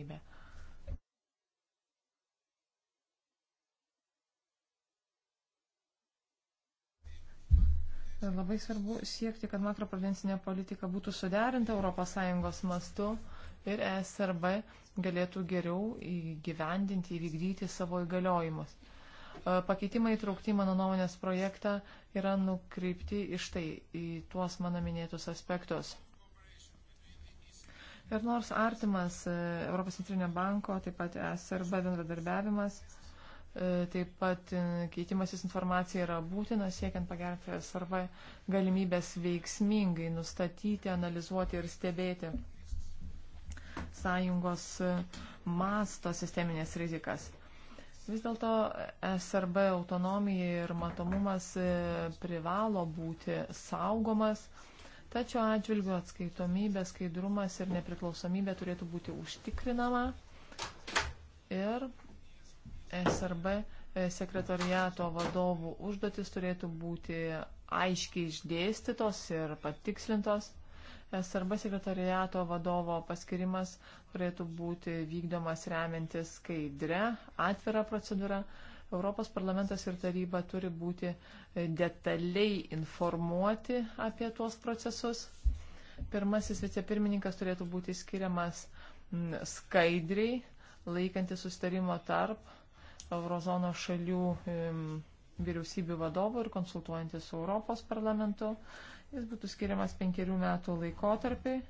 galimybė. Labai svarbu siekti, kad makroprudencinė politika būtų suderinta ES mastu ir ESRB galėtų geriau įgyvendinti, įvykdyti savo įgaliojimus. E, pakeitimai įtraukti mano nuomonės projektą yra nukreipti iš tai į tuos mano minėtus aspektus. Ir nors artimas e, Europos centrinio banko, taip pat SRB bendradarbiavimas, e, taip pat e, keitimasis informacija yra būtina siekiant pagerinti SRB galimybės veiksmingai nustatyti, analizuoti ir stebėti sąjungos masto sisteminės rizikas. Vis dėlto SRB autonomija ir matomumas privalo būti saugomas Tačiau atžvilgiu atskaitomybė, skaidrumas ir nepriklausomybė turėtų būti užtikrinama. Ir SRB e, sekretariato vadovų užduotis turėtų būti aiškiai išdėstytos ir patikslintos. SRB sekretariato vadovo paskirimas turėtų būti vykdomas remiantis skaidrę, atvirą procedūrą, Europos parlamentas ir taryba turi būti e, detaliai informuoti apie tuos procesus. Pirmasis vicepirmininkas turėtų būti skiriamas skaidriai, laikantis sustarimo tarp eurozono šalių vyriausybių vadovų ir konsultuojantis su Europos parlamentu. Jis būtų skiriamas penkerių metų laikotarpiai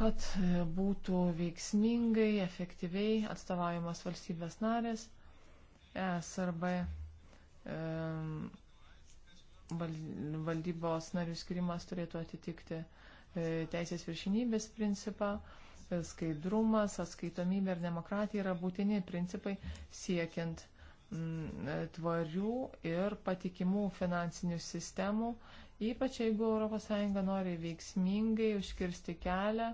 pat e, būtų veiksmingai, efektyviai atstovaujamos valstybės narės, ESRB e, valdybos narių skirimas turėtų atitikti e, teisės viršinybės principą, skaidrumas, atskaitomybė ir demokratija yra būtini principai siekiant tvarių ir patikimų finansinių sistemų Ypač jeigu ES nori veiksmingai užkirsti kelią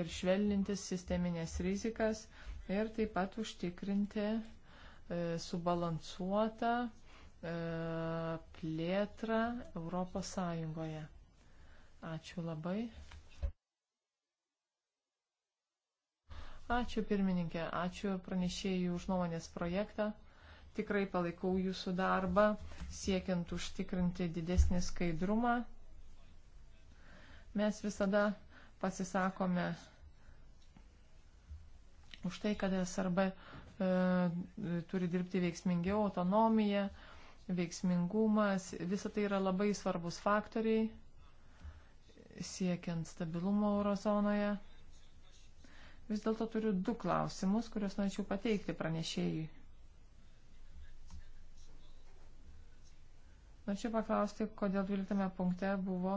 ir švelninti sisteminės rizikas ir taip pat užtikrinti e, subalansuotą e, plėtrą ES. Ačiū labai. Ačiū pirmininkė, ačiū pranešėjų už nuomonės projektą. Tikrai palaikau jūsų darbą, siekiant užtikrinti didesnį skaidrumą. Mes visada pasisakome už tai, kad SRB e, turi dirbti veiksmingiau, autonomija, veiksmingumas, visa tai yra labai svarbus faktoriai siekiant stabilumo eurozonoje. Vis dėlto turiu du klausimus, kuriuos norėčiau pateikti pranešėjui. Norėčiau paklausti, kodėl 12 punkte buvo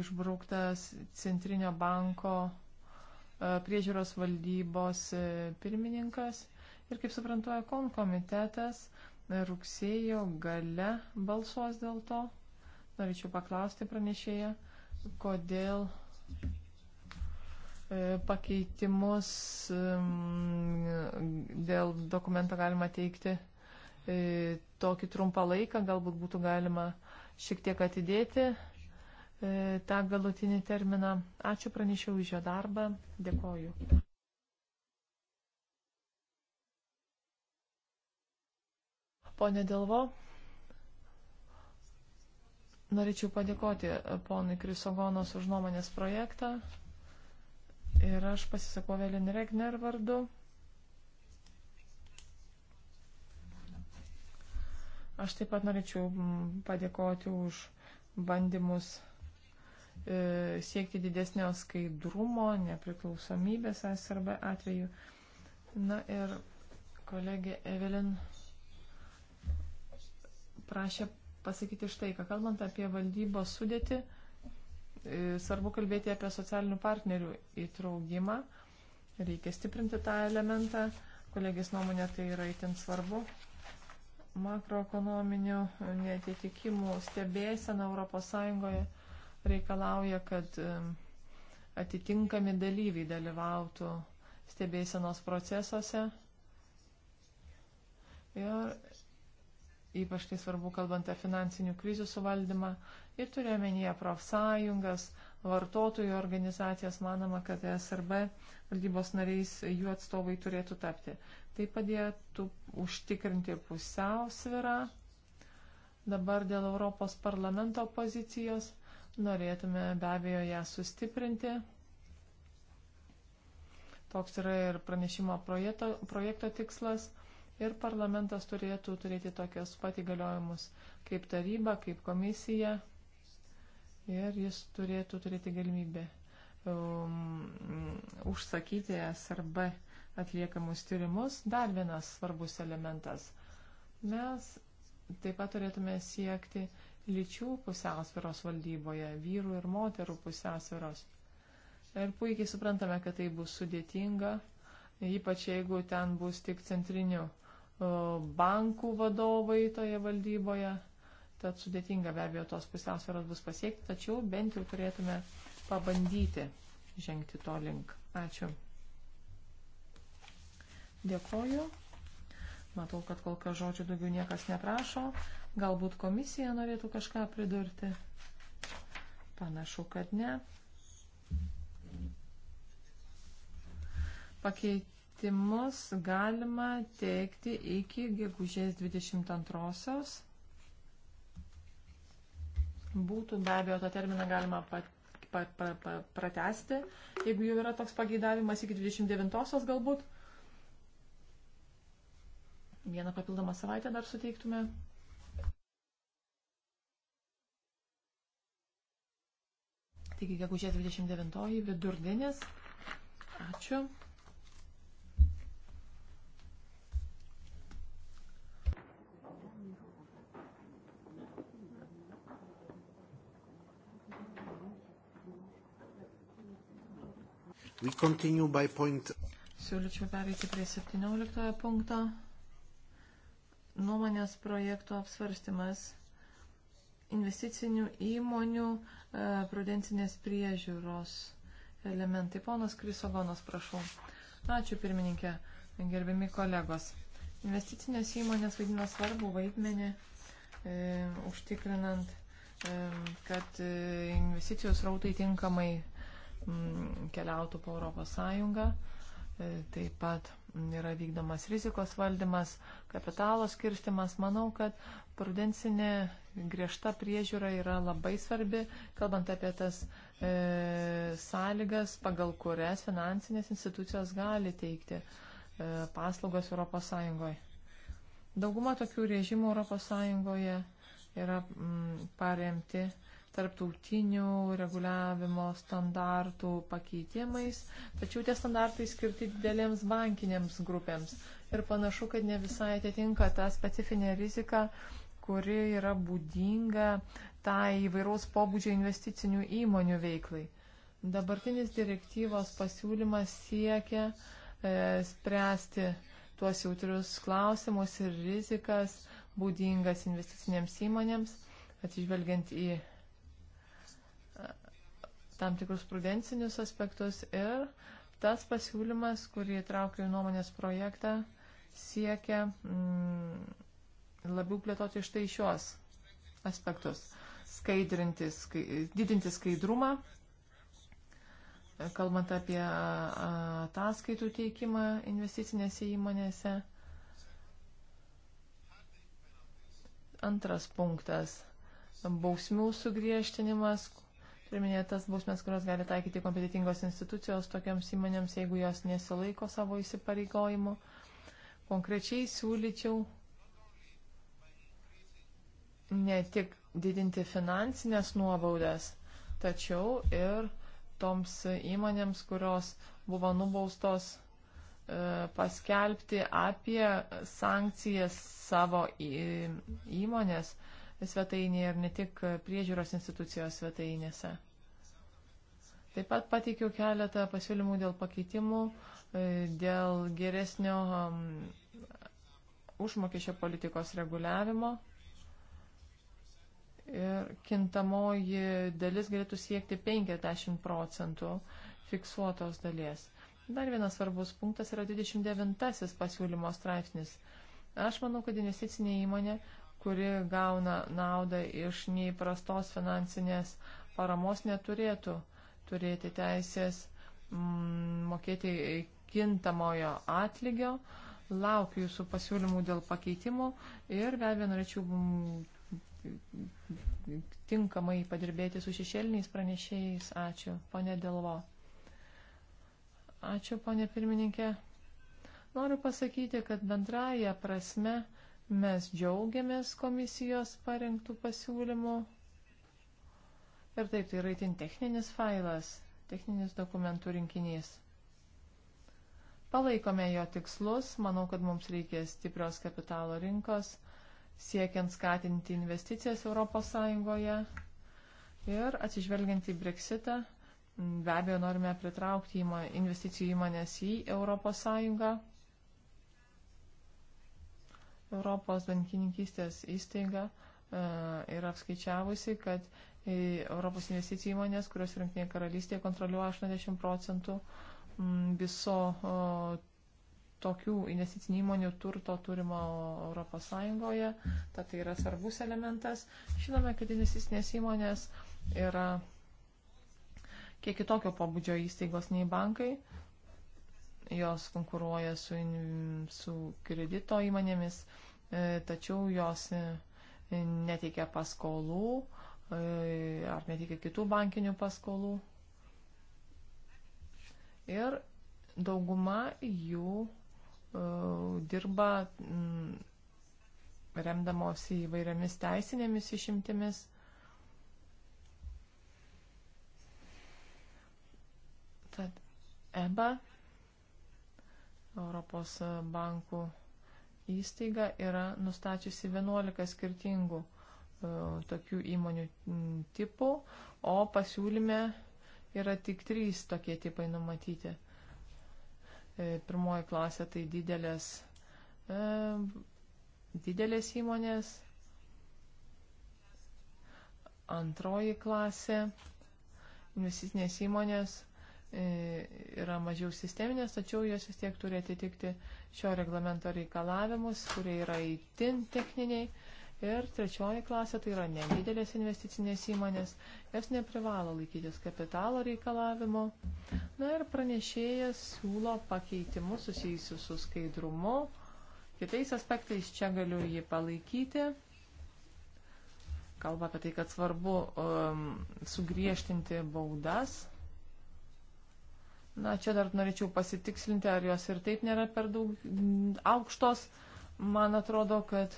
išbrauktas Centrinio banko e, priežiūros valdybos e, pirmininkas ir, kaip suprantu, ekon komitetas e, rugsėjo gale balsuos dėl to. Norėčiau paklausti pranešėją, kodėl pakeitimus dėl dokumento galima teikti E, tokį trumpą laiką, galbūt būtų galima šiek tiek atidėti e, tą galutinį terminą. Ačiū pranešiau už jo darbą, dėkoju. Pone Dėlvo, norėčiau padėkoti ponui Krisogonos už nuomonės projektą ir aš pasisakau Velin Regner vardu. Aš taip pat norėčiau mm, padėkoti už bandymus e, siekti didesnio skaidrumo, nepriklausomybės SRB atveju. Na ir kolegė Evelin prašė pasakyti štai, ką kalbant apie valdybos sudėtį, e, svarbu kalbėti apie socialinių partnerių įtraugimą. Reikia stiprinti tą elementą. Kolegės nuomonė tai yra itin svarbu makroekonominių netitikimų stebėsena ES reikalauja, kad atitinkami dalyviai dalyvautų stebėsenos procesuose. Ir ypač tai svarbu kalbant apie finansinių krizių suvaldymą ir turėjome nie profsąjungas, vartotojų organizacijas, manoma, kad e SRB valdybos nariais jų atstovai turėtų tapti. Tai padėtų užtikrinti pusiausvirą. Dabar dėl Europos parlamento pozicijos norėtume be abejo ją sustiprinti. Toks yra ir pranešimo projekto, projekto tikslas. Ir parlamentas turėtų turėti tokias pat įgaliojimus kaip taryba, kaip komisija ir jis turėtų turėti galimybę um, užsakyti SRB atliekamus tyrimus. Dar vienas svarbus elementas. Mes taip pat turėtume siekti lyčių pusiausvėros valdyboje, vyrų ir moterų pusiausvėros. Ir puikiai suprantame, kad tai bus sudėtinga, ypač jeigu ten bus tik centrinių bankų vadovai toje valdyboje. Tad sudėtinga be abejo tos pusiausvėros bus pasiekti, tačiau bent jau turėtume pabandyti žengti to link. Ačiū. Dėkoju. Matau, kad kol kas žodžių daugiau niekas neprašo. Galbūt komisija norėtų kažką pridurti. Panašu, kad ne. Pakeitimus galima teikti iki gegužės 22. -osios būtų, be abejo, tą terminą galima pat, pa, pa, pa, pratesti, jeigu jau yra toks pageidavimas iki 29-osios galbūt. Vieną papildomą savaitę dar suteiktume. Taigi, gegužės 29-oji vidurdienis. Ačiū. Point... Siūlyčiau pereiti prie 17 punkto. Nuomonės projekto apsvarstymas investicinių įmonių e, prudencinės priežiūros elementai. Ponas Krisogonas, prašau. Ačiū pirmininkė, gerbimi kolegos. Investicinės įmonės vaidina svarbų vaidmenį e, užtikrinant, e, kad e, investicijos rautai tinkamai Mm, keliautų po Europos Sąjungą. E, taip pat yra vykdomas rizikos valdymas, kapitalo skirstimas. Manau, kad prudensinė griežta priežiūra yra labai svarbi, kalbant apie tas e, sąlygas, pagal kurias finansinės institucijos gali teikti e, paslaugas ES. Dauguma tokių režimų ES yra m, mm, paremti tarptautinių reguliavimo standartų pakeitimais, tačiau tie standartai skirti didelėms bankinėms grupėms ir panašu, kad ne visai atitinka tą specifinę riziką, kuri yra būdinga tai įvairaus pobūdžio investicinių įmonių veiklai. Dabartinis direktyvos pasiūlymas siekia e, spręsti tuos jautrius klausimus ir rizikas būdingas investicinėms įmonėms, atsižvelgiant į tam tikrus prudencinius aspektus ir tas pasiūlymas, kurį traukiu į nuomonės projektą, siekia mm, labiau plėtoti štai šios aspektus. Skaidrinti, skai, didinti skaidrumą, kalbant apie ataskaitų teikimą investicinėse įmonėse. Antras punktas - bausmių sugriežtinimas, ir minėtas bausmės, kurios gali taikyti kompetitingos institucijos tokiams įmonėms, jeigu jos nesilaiko savo įsipareigojimų. Konkrečiai siūlyčiau ne tik didinti finansinės nuobaudas, tačiau ir toms įmonėms, kurios buvo nubaustos e, paskelbti apie sankcijas savo įmonės svetainėje ir ne tik priežiūros institucijos svetainėse. Taip pat pateikiau keletą pasiūlymų dėl pakeitimų, e, dėl geresnio užmokesčio politikos reguliavimo. Ir kintamoji dalis galėtų siekti 50 procentų fiksuotos dalies. Dar vienas svarbus punktas yra 29 pasiūlymo straipsnis. Aš manau, kad investicinė įmonė kuri gauna naudą iš neįprastos finansinės paramos, neturėtų turėti teisės mm, mokėti kintamojo atlygio. Laukiu jūsų pasiūlymų dėl pakeitimų ir be abejo norėčiau mm, tinkamai padirbėti su šešėliniais pranešėjais. Ačiū, ponė Delvo. Ačiū, ponė pirmininkė. Noriu pasakyti, kad bendraja prasme Mes džiaugiamės komisijos parengtų pasiūlymų. Ir taip, tai yra itin techninis failas, techninis dokumentų rinkinys. Palaikome jo tikslus, manau, kad mums reikia stiprios kapitalo rinkos, siekiant skatinti investicijas ES ir atsižvelgiant į Brexitą, be abejo, norime pritraukti investicijų įmonės į ES. Europos bankininkystės įstaiga e, yra apskaičiavusi, kad Europos investicijų įmonės, kurios Junktinėje karalystėje kontroliuoja 80 procentų mm, viso tokių investicinių įmonių turto turimo Europos Sąjungoje, tad tai yra svarbus elementas. Žinome, kad investicinės įmonės yra kiek kitokio pobūdžio įstaigos nei bankai jos konkuruoja su, su kredito įmonėmis, e, tačiau jos e, neteikia paskolų e, ar neteikia kitų bankinių paskolų. Ir dauguma jų dirba mm, remdamosi įvairiamis teisinėmis išimtimis. Tad EBA Europos bankų įstaiga yra nustačiusi 11 skirtingų e, tokių įmonių tipų, o pasiūlyme yra tik trys tokie tipai numatyti. E, pirmoji klasė tai didelės, e, didelės įmonės, antroji klasė investicinės įmonės, E, yra mažiau sisteminės, tačiau jos vis tiek turi atitikti šio reglamento reikalavimus, kurie yra įtin techniniai. Ir trečioji klasė tai yra nedidelės investicinės įmonės, jos neprivalo laikytis kapitalo reikalavimo. Na ir pranešėjas siūlo pakeitimus susijusius su skaidrumu. Kitais aspektais čia galiu jį palaikyti. Kalba apie tai, kad svarbu um, sugriežtinti baudas Na, čia dar norėčiau pasitikslinti, ar jos ir taip nėra per daug mm, aukštos. Man atrodo, kad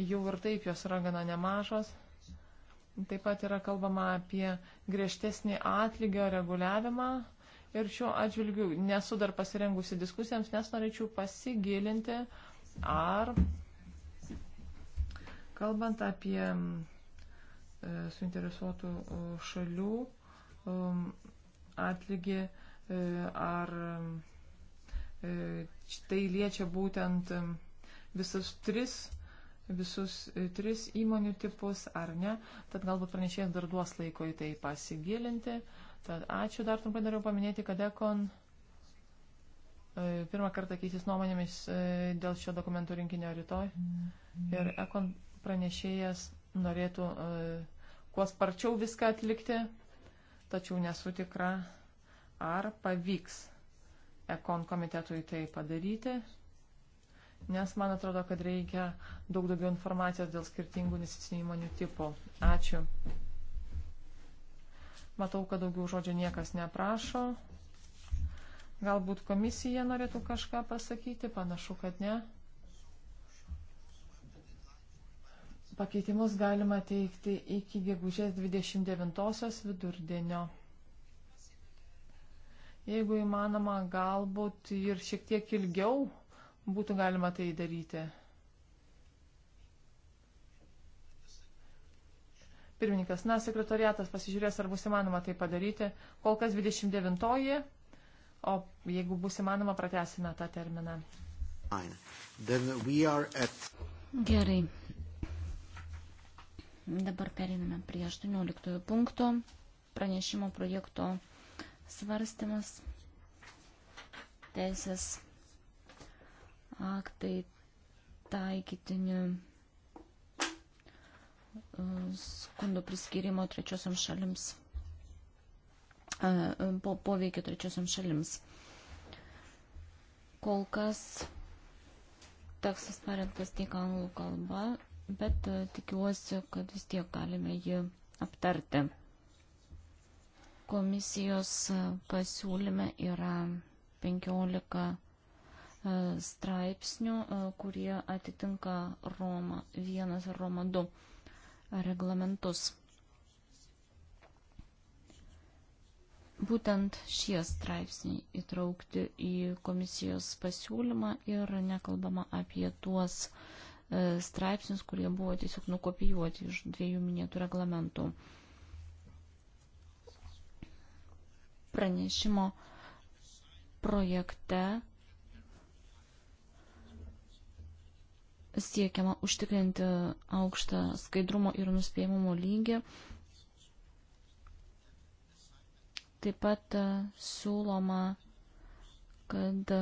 jau ir taip jos yra gana nemažos. Taip pat yra kalbama apie griežtesnį atlygio reguliavimą. Ir šiuo atžvilgiu nesu dar pasirengusi diskusijams, nes norėčiau pasigilinti, ar kalbant apie mm, e, suinteresuotų šalių um, atlygį, E, ar e, tai liečia būtent e, visus tris visus tris įmonių tipus ar ne, tad galbūt pranešėjas dar duos laiko į tai pasigilinti. Tad ačiū dar trumpai dariau paminėti, kad Ekon pirmą kartą keisis nuomonėmis dėl šio dokumentų rinkinio rytoj ir Ekon pranešėjas norėtų kuo sparčiau viską atlikti, tačiau nesu tikra, ar pavyks ekon komitetui tai padaryti, nes man atrodo, kad reikia daug daugiau informacijos dėl skirtingų investicinių įmonių tipų. Ačiū. Matau, kad daugiau žodžio niekas neprašo. Galbūt komisija norėtų kažką pasakyti, panašu, kad ne. Pakeitimus galima teikti iki gegužės 29 vidurdienio. Jeigu įmanoma, galbūt ir šiek tiek ilgiau būtų galima tai daryti. Pirmininkas, na, sekretariatas pasižiūrės, ar bus įmanoma tai padaryti. Kol kas 29-oji, o jeigu bus įmanoma, pratesime tą terminą. At... Gerai. Dabar periname prie 18 punkto pranešimo projekto svarstymas. Teisės aktai taikytini e, skundų priskirimo trečiosiam šalims, e, e, po, poveikio trečiosiam šalims. Kol kas tekstas parengtas tik anglų kalba, bet tikiuosi, kad vis tiek galime jį aptarti. Komisijos pasiūlyme yra 15 e, straipsnių, e, kurie atitinka Roma 1 ir Roma 2 reglamentus. Būtent šie straipsniai įtraukti į komisijos pasiūlymą ir nekalbama apie tuos e, straipsnius, kurie buvo tiesiog nukopijuoti iš dviejų minėtų reglamentų. pranešimo projekte siekiama užtikrinti aukštą skaidrumo ir nuspėjimumo lygį. Taip pat e, siūloma, kad e,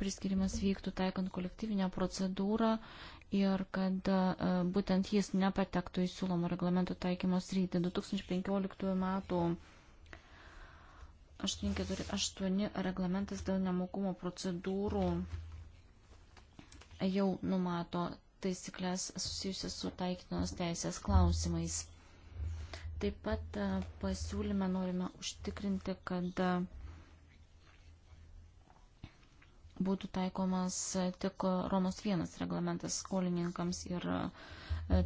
priskirimas vyktų taikant kolektyvinę procedūrą ir kad e, būtent jis nepatektų į siūlomą reglamento taikymo sritį. 2015 metų 848 reglamentas dėl nemokumo procedūrų jau numato taisyklės susijusias su taikytinos teisės klausimais. Taip pat e, pasiūlyme norime užtikrinti, kad e, būtų taikomas e, tik Romos vienas reglamentas skolininkams ir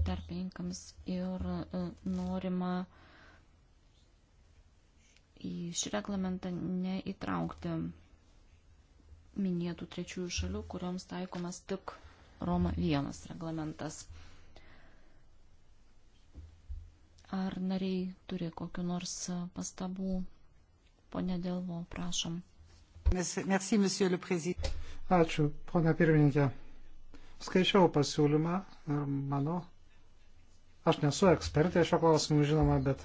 tarpininkams ir norima uh, į šį reglamentą neįtraukti minėtų trečiųjų šalių, kurioms taikomas tik Roma 1 reglamentas. Ar nariai turi kokiu nors pastabų? Pone Delvo, prašom. Merci, monsieur le président. Ačiū, ponia pirmininkė. Skaičiau pasiūlymą ir manau, aš nesu ekspertė šio klausimu, žinoma, bet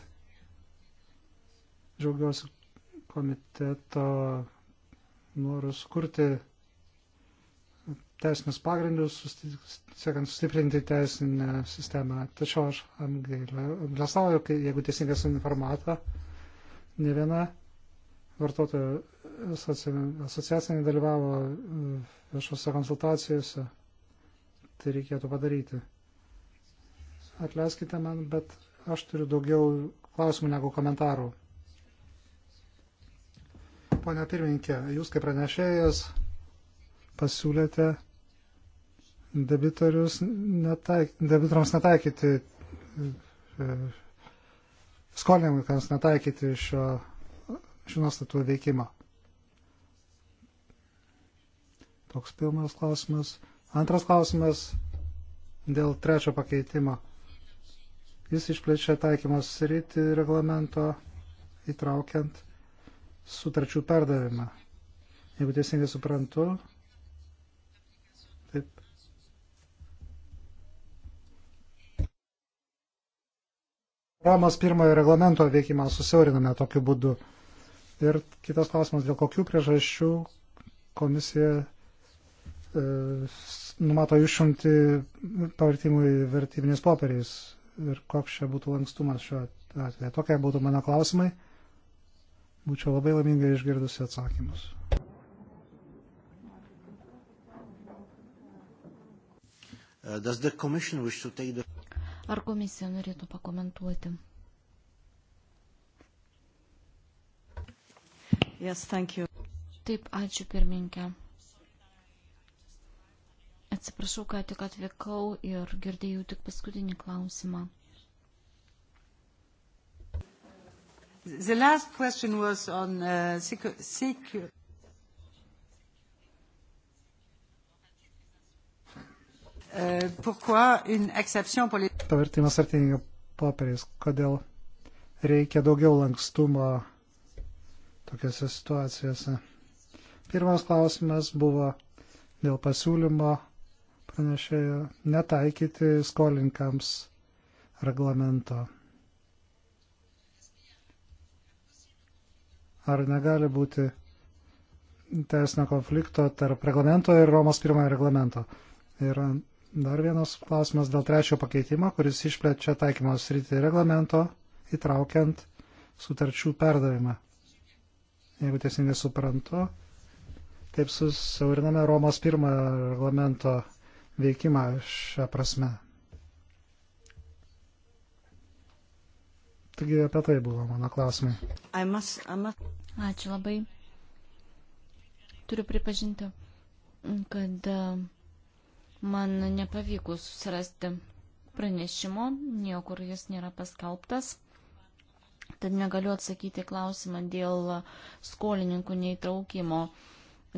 Džiaugiuosi komiteto norus kurti teisinius pagrindus, siekiant sustiprinti teisinę sistemą. Tačiau aš apgailestauju, jeigu teisingai esu informata, ne viena vartotojų asociacija nedalyvavo e, viešose konsultacijose. Tai reikėtų padaryti. Atleiskite man, bet aš turiu daugiau klausimų negu komentarų. Pone pirmininkė, jūs kaip pranešėjas pasiūlėte debitorius netaik, debitoriams netaikyti, e, skolininkams netaikyti šio, šio nuostatų veikimo. Toks pirmas klausimas. Antras klausimas dėl trečio pakeitimo. Jis išplečia taikymos sritį reglamento įtraukiant sutarčių perdavimą. Jeigu teisingai suprantu, taip. Romos pirmojo reglamento veikimą susiauriname tokiu būdu. Ir kitas klausimas, dėl kokių priežasčių komisija e, numato išimti pavartimui vertybiniais popieriais ir koks čia būtų lankstumas šiuo atveju. Tokie būtų mano klausimai. Būčiau labai laiminga išgirdusi atsakymus. Uh, Ar komisija norėtų pakomentuoti? Yes, Taip, ačiū pirmininkė. Atsiprašau, kad tik atvykau ir girdėjau tik paskutinį klausimą. The last question was on uh, secure. Uh, pourquoi une exception pour les... Pavertimas artinių popieriais. Kodėl reikia daugiau lankstumo tokiuose situacijose? Pirmas klausimas buvo dėl pasiūlymo pranešėjo netaikyti skolinkams reglamento. Ar negali būti teisinio konflikto tarp reglamento ir Romos pirmojo reglamento? Ir dar vienas klausimas dėl trečiojo pakeitimo, kuris išplečia taikymo sritį reglamento, įtraukiant sutarčių perdavimą. Jeigu teisingai suprantu, taip susiauriname Romos pirmojo reglamento veikimą šią prasme. Taigi apie tai buvo mano klausimai. I must, I must... Ačiū labai. Turiu pripažinti, kad e, man nepavyko susirasti pranešimo, niekur jis nėra paskelbtas. Tad negaliu atsakyti klausimą dėl skolininkų neįtraukimo.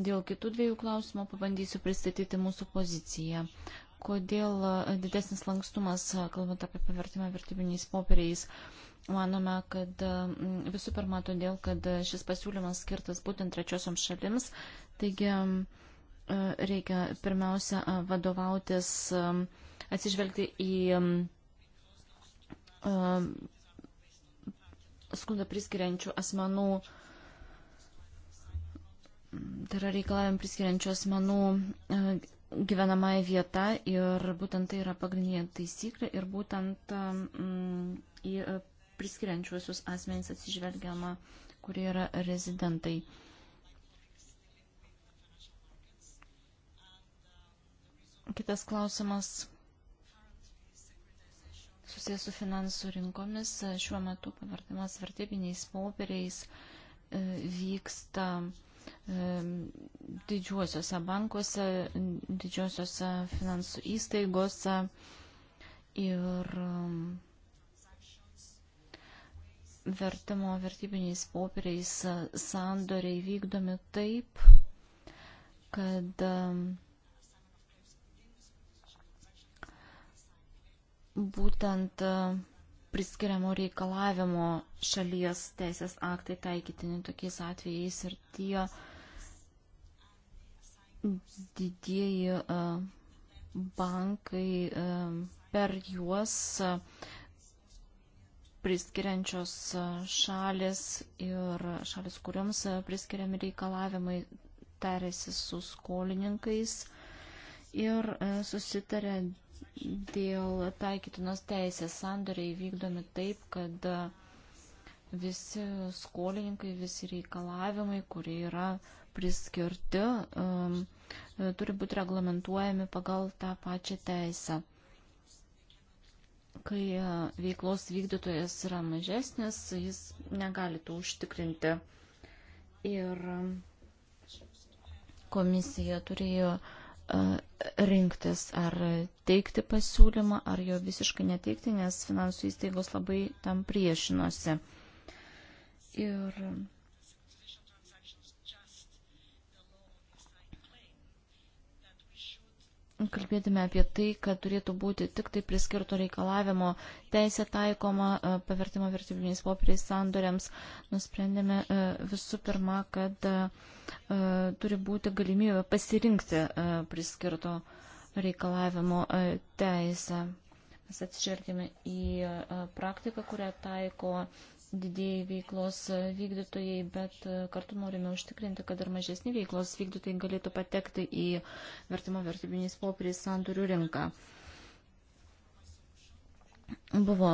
Dėl kitų dviejų klausimų pabandysiu pristatyti mūsų poziciją. Kodėl didesnis lankstumas, kalbant apie pavertimą vertybiniais popieriais, Manome, kad mm, visų pirma todėl, kad šis pasiūlymas skirtas būtent trečiosioms šalims, taigi mm, e, reikia pirmiausia e, vadovautis, mm, atsižvelgti į e, skundą priskiriančių asmenų, tai yra reikalavim priskiriančių asmenų gyvenamąją vietą ir būtent tai yra pagrindinė taisyklė ir būtent į priskiriančiuosius asmenys atsižvelgiama, kurie yra rezidentai. Kitas klausimas susijęs su finansų rinkomis. Šiuo metu pavartimas vertybiniais popieriais e, vyksta e, didžiuosiuose bankuose, didžiuosiuose finansų įstaigose ir vertimo vertybiniais popieriais e, sandoriai vykdomi taip, kad e, būtent e, priskiriamo reikalavimo šalies teisės aktai taikytini tokiais atvejais ir tie didieji bankai per juos priskiriančios šalis ir šalis, kuriuoms priskiriami reikalavimai, tarėsi su skolininkais ir e, susitarė dėl taikytinos teisės sandoriai vykdomi taip, kad e, visi skolininkai, visi reikalavimai, kurie yra priskirti, um, turi būti reglamentuojami pagal tą pačią teisę. Kai e, veiklos vykdytojas yra mažesnis, jis negali to užtikrinti. Ir e, komisija turėjo e, rinktis ar teikti pasiūlymą, ar jo visiškai neteikti, nes finansų įstaigos labai tam priešinosi. Ir Kalbėtume apie tai, kad turėtų būti tik tai priskirto reikalavimo teisė taikoma e, pavertimo vertybiniais popieriais sandoriams. Nusprendėme e, visų pirma, kad e, turi būti galimybė pasirinkti priskirto reikalavimo teisę. Mes atsižvelgėme į praktiką, kurią taiko didėjai veiklos vykdytojai, bet e, kartu norime užtikrinti, kad ir mažesni veiklos vykdytojai galėtų patekti į vertimo vertybiniais popieriais sandorių rinką. Buvo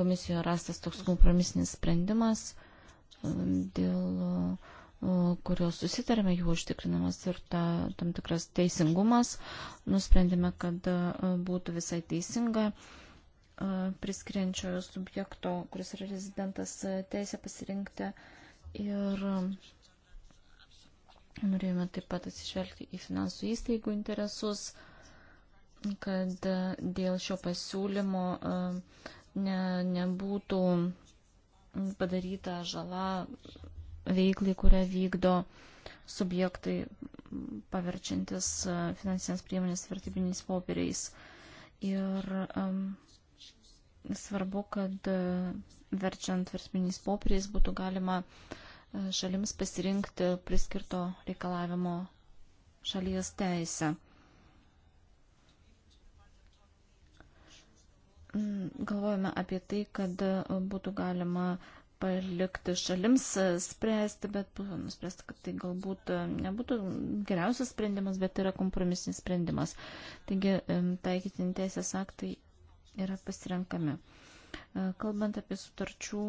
komisijoje rastas toks kompromisinis sprendimas, e, dėl e, kurios susitarėme jų užtikrinamas ir ta, tam tikras teisingumas. Nusprendėme, kad būtų visai teisinga priskiriančiojo subjekto, kuris yra rezidentas, teisę pasirinkti. Ir norėjome taip pat atsižvelgti į finansų įstaigų interesus, kad dėl šio pasiūlymo e, ne, nebūtų padaryta žala veiklai, kurią vykdo subjektai paverčiantis e, finansinės priemonės vertybiniais popieriais. Ir um, Svarbu, kad e, verčiant versminiais popieriais būtų galima e, šalims pasirinkti priskirto reikalavimo šalies teisę. Mm, galvojame apie tai, kad e, būtų galima palikti šalims spręsti, bet buvo nuspręsta, kad tai galbūt nebūtų geriausias sprendimas, bet yra kompromisinis sprendimas. Taigi taikyti teisės aktai yra pasirenkami. E, kalbant apie sutarčių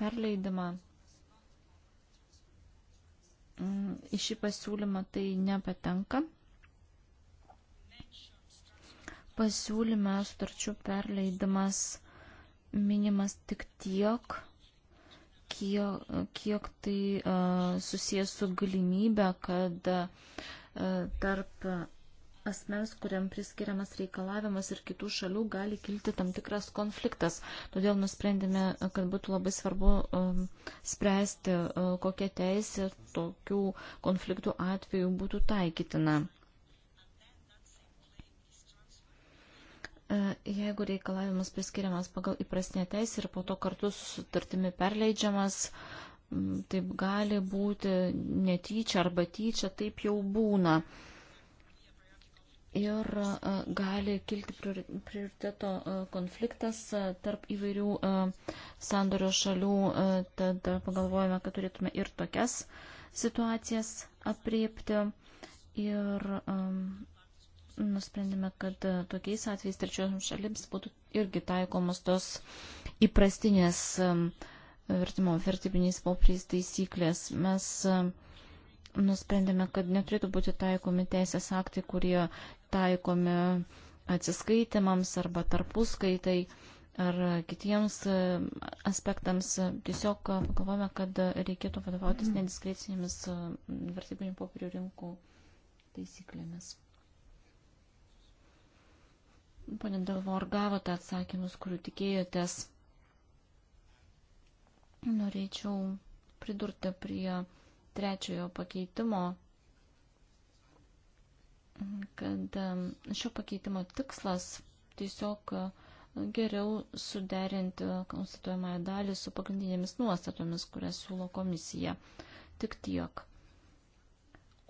perleidimą, į šį pasiūlymą tai nepatenka. Pasiūlyme sutarčių perleidimas minimas tik tiek, kiek, kiek tai uh, susijęs su galimybė, kad uh, tarp asmens, kuriam priskiriamas reikalavimas ir kitų šalių gali kilti tam tikras konfliktas. Todėl nusprendėme, kad būtų labai svarbu um, spręsti, uh, kokia teisė tokių konfliktų atveju būtų taikytina. Uh, jeigu reikalavimas priskiriamas pagal įprastinę teisę ir po to kartu su sutartimi perleidžiamas, um, taip gali būti netyčia arba tyčia, taip jau būna. Uh, ir e, gali kilti prioriteto e, konfliktas e, tarp įvairių sandorio šalių, tad pagalvojame, kad turėtume ir tokias situacijas apriepti ir nusprendėme, kad tokiais atvejais trečiosioms šalims būtų irgi taikomos tos įprastinės vertimo vertybiniais popriais taisyklės. Mes nusprendėme, kad neturėtų būti taikomi teisės aktai, kurie taikomi atsiskaitimams arba tarpuskaitai ar kitiems e, aspektams. Tiesiog pagalvojame, kad reikėtų vadovautis nediskrecinėmis e, vertybinių popierių rinkų taisyklėmis. Pane Dalvo, ar gavote atsakymus, kurių tikėjotės? Norėčiau pridurti prie trečiojo pakeitimo, kad um, šio pakeitimo tikslas tiesiog uh, geriau suderinti konstatuojamąją dalį su pagrindinėmis nuostatomis, kurias siūlo komisija. Tik tiek.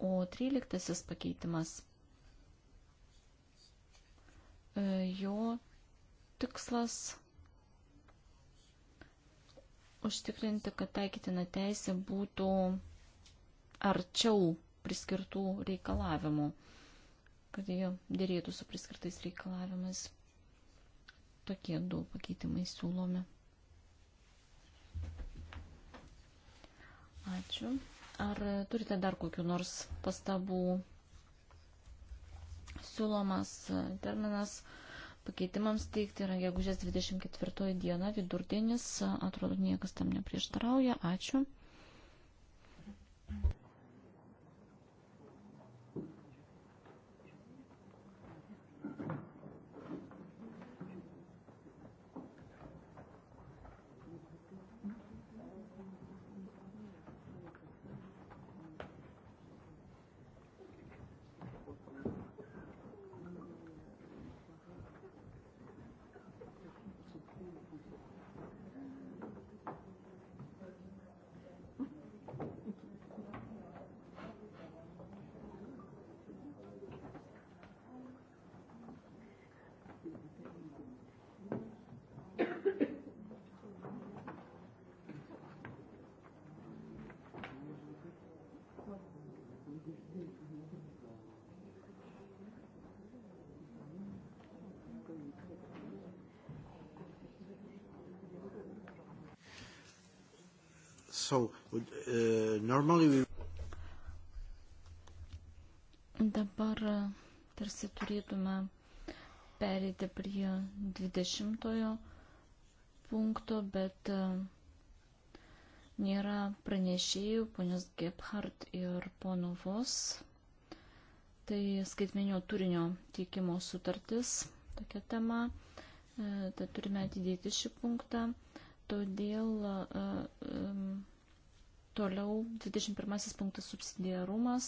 O tryliktasis pakeitimas. E, jo tikslas užtikrinti, kad taikytina teisė būtų arčiau priskirtų reikalavimų, kad jie dėrėtų su priskirtais reikalavimais. Tokie du pakeitimai siūlomi. Ačiū. Ar turite dar kokiu nors pastabų? Siūlomas terminas pakeitimams teikti yra gegužės 24 diena, vidurdienis. Atrodo, niekas tam neprieštarauja. Ačiū. Normally... Dabar e, tarsi turėtume pereiti prie 20 punkto, bet e, nėra pranešėjų, ponios Gebhardt ir pono Vos. Tai skaitmenio turinio teikimo sutartis, tokia tema. E, tad turime atidėti šį punktą. Todėl uh, um, Toliau 21 punktas subsidiarumas.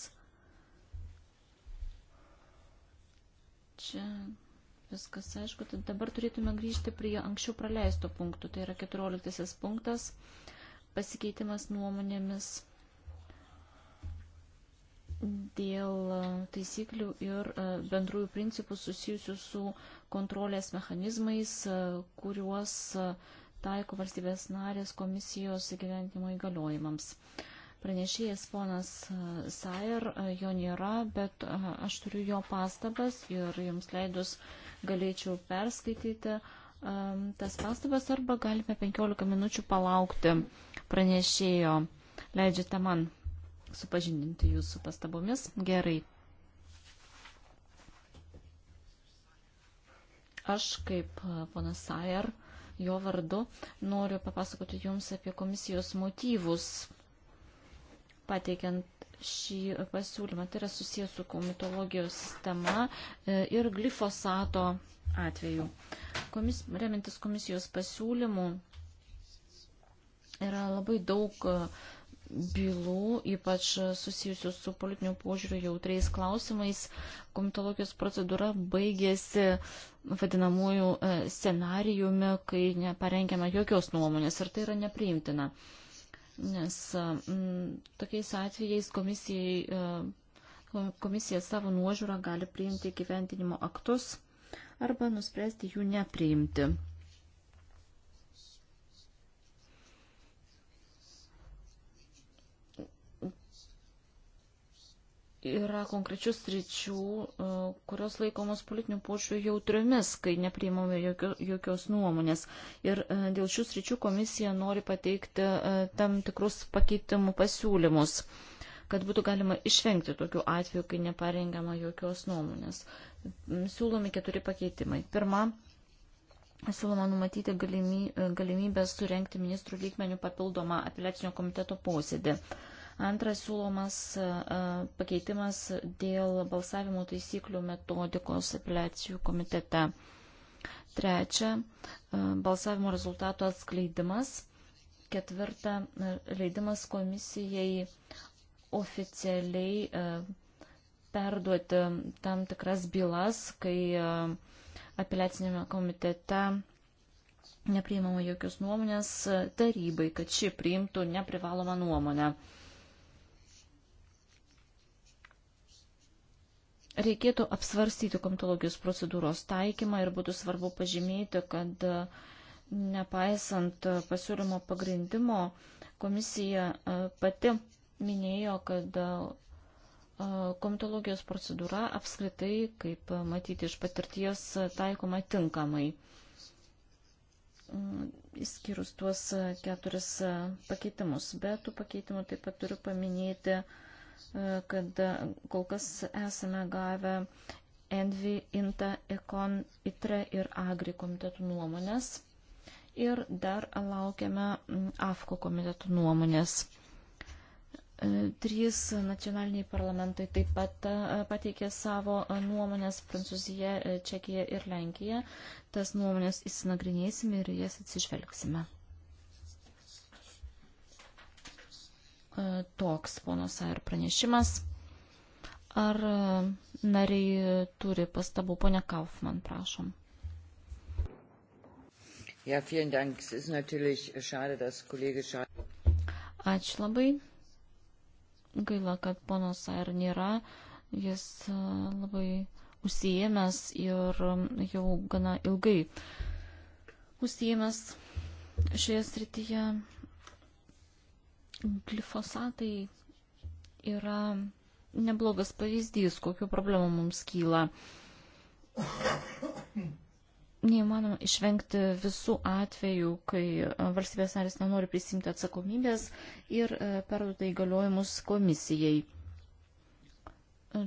Čia viskas aišku. Tad dabar turėtume grįžti prie anksčiau praleisto punktų. Tai yra 14 punktas pasikeitimas nuomonėmis dėl e, taisyklių ir e, bendrųjų principų susijusių su kontrolės mechanizmais, e, kuriuos uh, taiko valstybės narės komisijos įgyventinimo įgaliojimams. Pranešėjas ponas Sair, jo nėra, bet aš turiu jo pastabas ir jums leidus galėčiau perskaityti tas pastabas arba galime 15 minučių palaukti pranešėjo. Leidžiate man supažindinti jūsų pastabomis. Gerai. Aš kaip ponas Sair. Uh, jo vardu noriu papasakoti Jums apie komisijos motyvus pateikiant šį pasiūlymą. Tai yra susijęs su komitologijos sistema e, ir glifosato atveju. Komis, remintis komisijos pasiūlymų yra labai daug uh, bylų, ypač susijusių su politiniu požiūriu jautriais klausimais, komitologijos procedūra baigėsi vadinamųjų e, scenarijumi, kai neparengiama jokios nuomonės ir tai yra nepriimtina. Nes e, m, tokiais atvejais komisijai, e, komisija savo nuožiūrą gali priimti gyventinimo aktus arba nuspręsti jų nepriimti. yra konkrečių sričių, e, kurios laikomos politinių pošių jautriomis, kai nepriimame jokio, jokios nuomonės. Ir e, dėl šių sričių komisija nori pateikti e, tam tikrus pakeitimų pasiūlymus, kad būtų galima išvengti tokių atvejų, kai neparengiama jokios nuomonės. Siūlomi keturi pakeitimai. Pirma, siūloma numatyti galimybę surenkti ministrų lygmenių papildomą apeliacinio komiteto posėdį. Antras siūlomas e, e, pakeitimas dėl balsavimo taisyklių metodikos apeliacijų komitete. Trečia, e, balsavimo rezultato atskleidimas. Ketvirta, leidimas komisijai oficialiai perduoti tam tikras bylas, kai apeliacinėme komitete nepriimama jokios nuomonės tarybai, kad ši priimtų neprivalomą nuomonę. Reikėtų apsvarstyti komitologijos procedūros taikymą ir būtų svarbu pažymėti, kad e, nepaisant e, pasiūlymo pagrindimo, komisija e, pati minėjo, kad komitologijos procedūra apskritai, kaip matyti iš patirties, taikoma tinkamai įskyrus mm, tuos keturis pakeitimus. Be tų pakeitimų taip pat turiu paminėti kad kol kas esame gavę Envi, Inta, Ekon, Itre ir Agri komitetų nuomonės. Ir dar laukiame mm, AFKO komitetų nuomonės. E, trys nacionaliniai parlamentai taip pat e, pateikė savo e, nuomonės Prancūzija, Čekija ir Lenkija. Tas nuomonės įsinagrinėsime ir jas atsižvelgsime. E, toks ponos Air pranešimas. Ar e, nariai turi pastabų? Pone Kaufman, prašom. Ja, vielen Dank. Es ist natürlich schade, dass Kollege Schade. Ačiū labai. Gaila, kad ponos Air nėra. Jis e, labai užsijėmęs ir jau gana ilgai užsijėmęs šioje srityje. Glifosatai yra neblogas pavyzdys, kokiu problemu mums kyla. Neįmanoma išvengti visų atvejų, kai e, valstybės narės nenori prisimti atsakomybės ir e, perduoda įgaliojimus komisijai. E,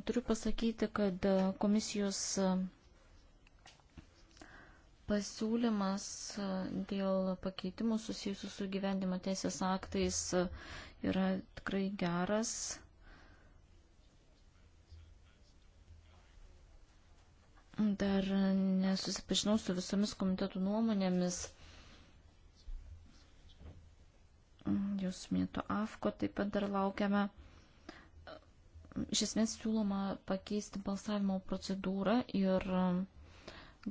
turiu pasakyti, kad komisijos Pasiūlymas e, dėl pakeitimų susijusių su gyvendimo teisės aktais e, yra tikrai geras. Dar nesusipažinau su visomis komitetų nuomonėmis. Jūs minėto AFKO taip pat dar laukiame. Iš esmės siūloma pakeisti balsavimo procedūrą ir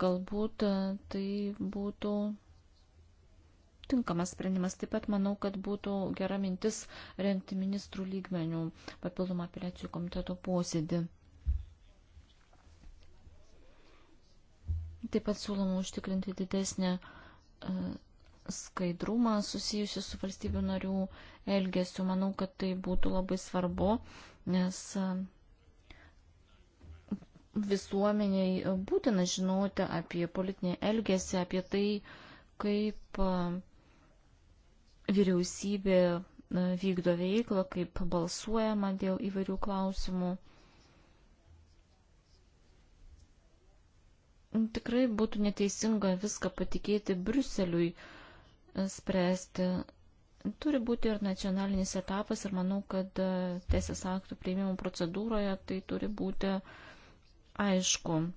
Galbūt e, tai būtų tinkamas sprendimas. Taip pat manau, kad būtų gera mintis renkti ministrų lygmenių papildomą apeliacijų komiteto posėdį. Taip pat siūloma užtikrinti didesnį e, skaidrumą susijusi su valstybių narių elgesiu. Manau, kad tai būtų labai svarbu, nes e, visuomeniai e, būtina žinoti apie politinį elgesį, apie tai, kaip e, vyriausybė e, vykdo veiklą, kaip balsuojama dėl įvairių klausimų. Tikrai būtų neteisinga viską patikėti Bruseliui spręsti. Turi būti ir nacionalinis etapas ir manau, kad teisės aktų prieimimo procedūroje tai turi būti uh, aišku.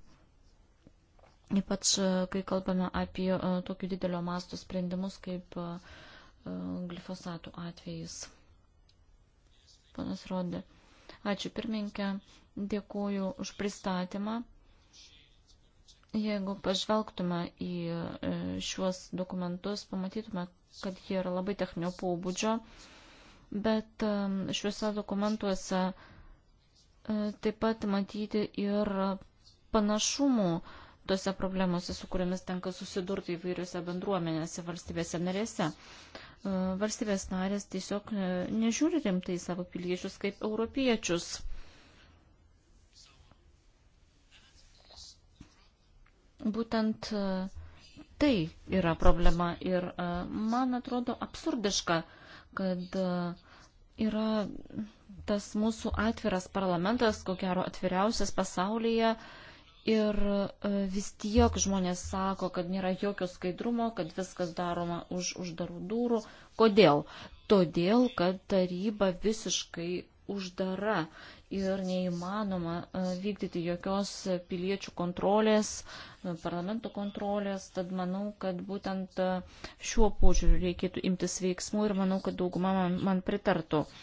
Ypač, e, kai kalbame apie e, tokių didelio masto sprendimus kaip e, glifosatų atvejais. Panas Rodė. Ačiū pirmininkė, dėkuoju už pristatymą. Jeigu pažvelgtume į šiuos dokumentus, pamatytume, kad jie yra labai techninio pobūdžio, bet šiuose dokumentuose uh, E, taip pat matyti ir panašumų tose problemose, su kuriamis tenka susidurti įvairiose bendruomenėse valstybėse narėse. E, valstybės narės tiesiog e, nežiūri rimtai savo piliečius kaip europiečius. Būtent tai yra problema ir man atrodo absurdiška, kad yra tas mūsų atviras parlamentas, ko gero atviriausias pasaulyje. Ir e, vis tiek žmonės sako, kad nėra jokio skaidrumo, kad viskas daroma už uždarų durų. Kodėl? Todėl, kad taryba visiškai uždara ir neįmanoma e, vykdyti jokios piliečių kontrolės, e, parlamento kontrolės, tad manau, kad būtent šiuo požiūriu reikėtų imtis veiksmų ir manau, kad dauguma man, man pritartų. Uh,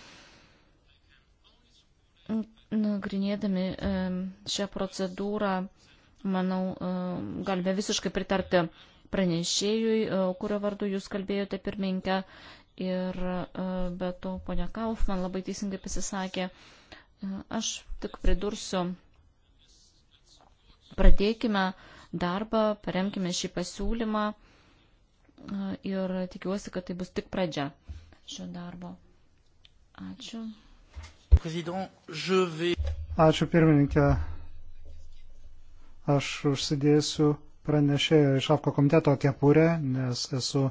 Nagrinėdami šią procedūrą, manau, galime visiškai pritarti pranešėjui, e, kurio vardu jūs kalbėjote pirmininkę. Ir e, be to, ponia Kaufman labai teisingai pasisakė. E, aš tik pridursiu, pradėkime darbą, paremkime šį pasiūlymą ir tikiuosi, kad tai bus tik pradžia šio darbo. Ačiū. Ačiū pirmininkė. Aš užsidėsiu pranešėjo iš AFKO komiteto kepurę, nes esu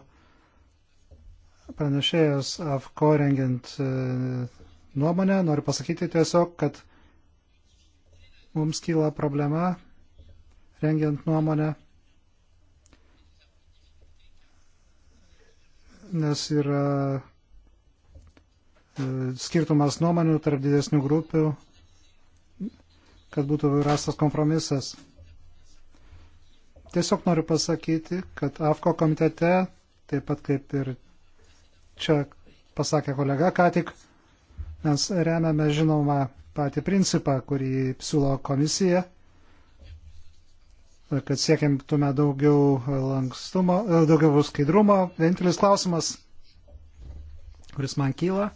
pranešėjas AFKO rengiant e, nuomonę. Noriu pasakyti tiesiog, kad mums kyla problema rengiant nuomonę, nes yra skirtumas nuomonių tarp didesnių grupių, kad būtų rastas kompromisas. Tiesiog noriu pasakyti, kad AFKO komitete, taip pat kaip ir čia pasakė kolega ką tik, mes remiame žinoma patį principą, kurį siūlo komisija, kad siekiamtume daugiau lankstumo, e, daugiau skaidrumo. Vienintelis klausimas, kuris man kyla,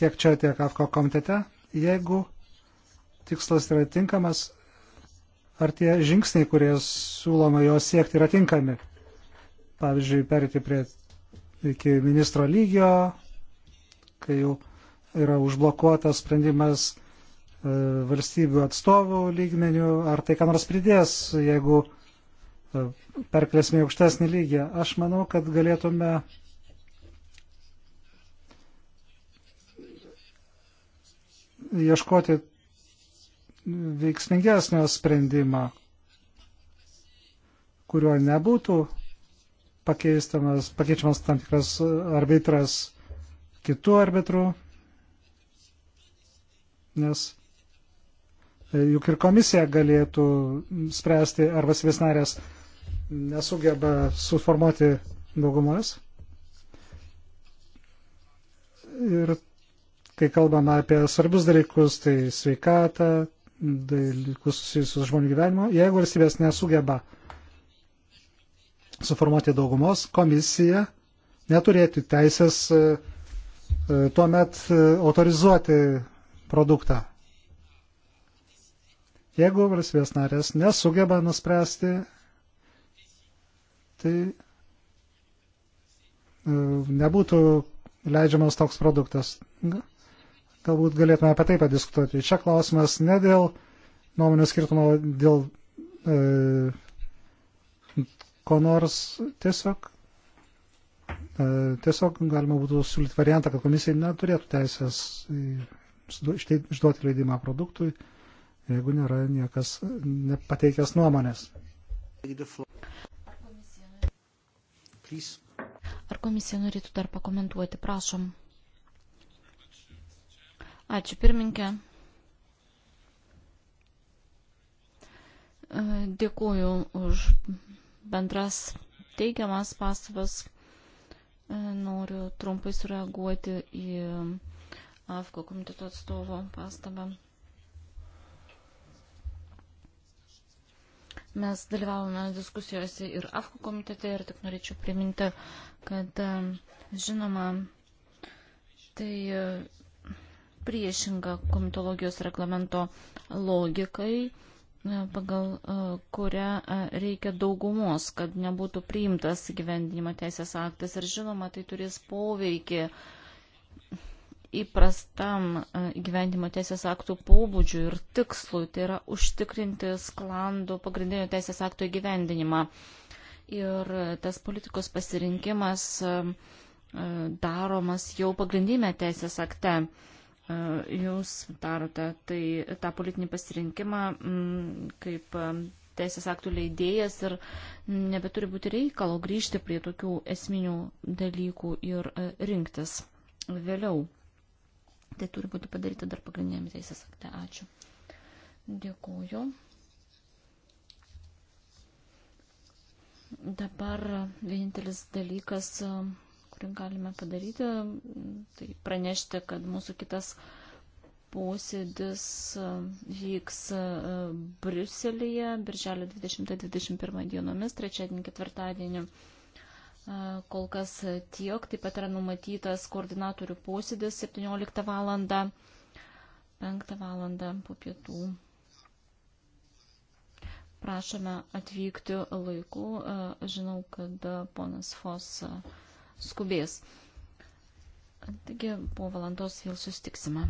tiek čia, tiek AFKO komitete, jeigu tikslas yra tinkamas, ar tie žingsniai, kurie siūloma jo siekti, yra tinkami. Pavyzdžiui, perėti prie iki ministro lygio, kai jau yra užblokuotas sprendimas e, valstybių atstovų lygmenių, ar tai ką nors pridės, jeigu e, perklėsime aukštesnį lygį. Aš manau, kad galėtume ieškoti veiksmingesnio sprendimo, kurio nebūtų pakeistamas, pakeičiamas tam tikras arbitras kitų arbitrų, nes e, juk ir komisija galėtų spręsti, ar valstybės narės nesugeba suformuoti daugumos. Ir kai kalbame apie svarbius dalykus, tai sveikatą, dalykus susijusius žmonių gyvenimo, jeigu valstybės nesugeba suformuoti daugumos, komisija neturėti teisės e, e, tuomet e, autorizuoti produktą. Jeigu valstybės narės nesugeba nuspręsti, tai nebūtų leidžiamas toks produktas. Galbūt galėtume apie tai padiskutuoti. Čia klausimas ne dėl nuomonių skirtumo, dėl e, ko nors tiesiog. E, tiesiog galima būtų siūlyti variantą, kad komisija neturėtų teisės išduoti leidimą produktui, jeigu nėra niekas nepateikęs nuomonės. Ar komisija norėtų dar pakomentuoti, prašom. Ačiū pirminkė. E, dėkuoju už bendras teigiamas pastabas. E, noriu trumpai sureaguoti į AFKO komiteto atstovo pastabą. Mes dalyvavome diskusijose ir AFKO komitete ir tik norėčiau priminti, kad e, žinoma, tai priešinga komitologijos reglamento logikai, e, pagal e, kurią e, reikia daugumos, kad nebūtų priimtas gyvendinimo teisės aktas. Ir žinoma, tai turės poveikį įprastam gyvendimo teisės aktų pobūdžiui ir tikslui, tai yra užtikrinti sklandų pagrindinio teisės akto įgyvendinimą. Ir tas politikos pasirinkimas daromas jau pagrindinėme teisės akte. E, jūs darote tai, tą politinį pasirinkimą mm, kaip e, teisės aktų leidėjas ir nebeturi būti reikalo grįžti prie tokių esminių dalykų ir e, rinktis vėliau. Tai turi būti padaryta dar pagrindinėme teisės akte. Ačiū. Dėkuoju. Dabar vienintelis dalykas, kurį galime padaryti, tai pranešti, kad mūsų kitas posėdis e, vyks e, Briuselėje, birželio 20-21 dienomis, trečiadienį, ketvirtadienį. E, kol kas tiek, taip pat yra numatytas koordinatorių posėdis 17 val. 5 val. po pietų. Prašome atvykti laiku. Žinau, kad ponas Fos skubės. Taigi po valandos vėl sustiksime.